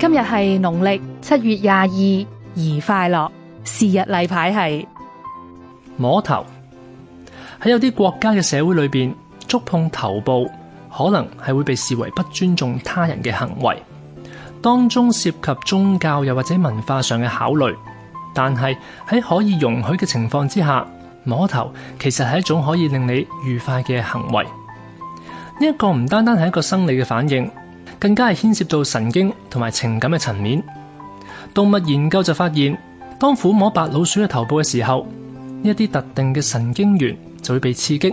今日係農曆七月廿二，而快樂是日例牌係摸頭。喺有啲國家嘅社會裏邊，觸碰頭部可能係會被視為不尊重他人嘅行為。當中涉及宗教又或者文化上嘅考慮，但係喺可以容許嘅情況之下，摸頭其實係一種可以令你愉快嘅行為。呢一個唔單單係一個生理嘅反應，更加係牽涉到神經同埋情感嘅層面。動物研究就發現，當撫摸白老鼠嘅頭部嘅時候，一啲特定嘅神經元就會被刺激，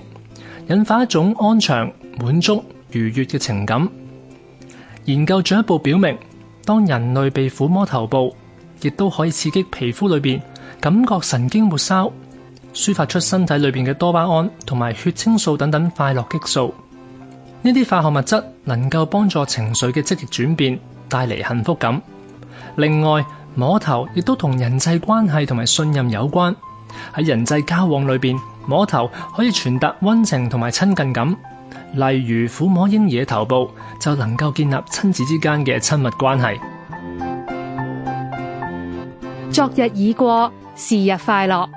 引發一種安詳、滿足、愉悅嘅情感。研究進一步表明，當人類被撫摸頭部，亦都可以刺激皮膚裏邊感覺神經末梢，抒發出身體裏邊嘅多巴胺同埋血清素等等快樂激素。呢啲化學物質能夠幫助情緒嘅積極轉變，帶嚟幸福感。另外，摸頭亦都同人際關係同埋信任有關。喺人際交往裏邊，摸頭可以傳達溫情同埋親近感。例如撫摸嬰兒頭部就能夠建立親子之間嘅親密關係。昨日已過，是日快樂。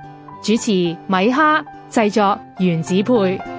主持米哈，製作原子配。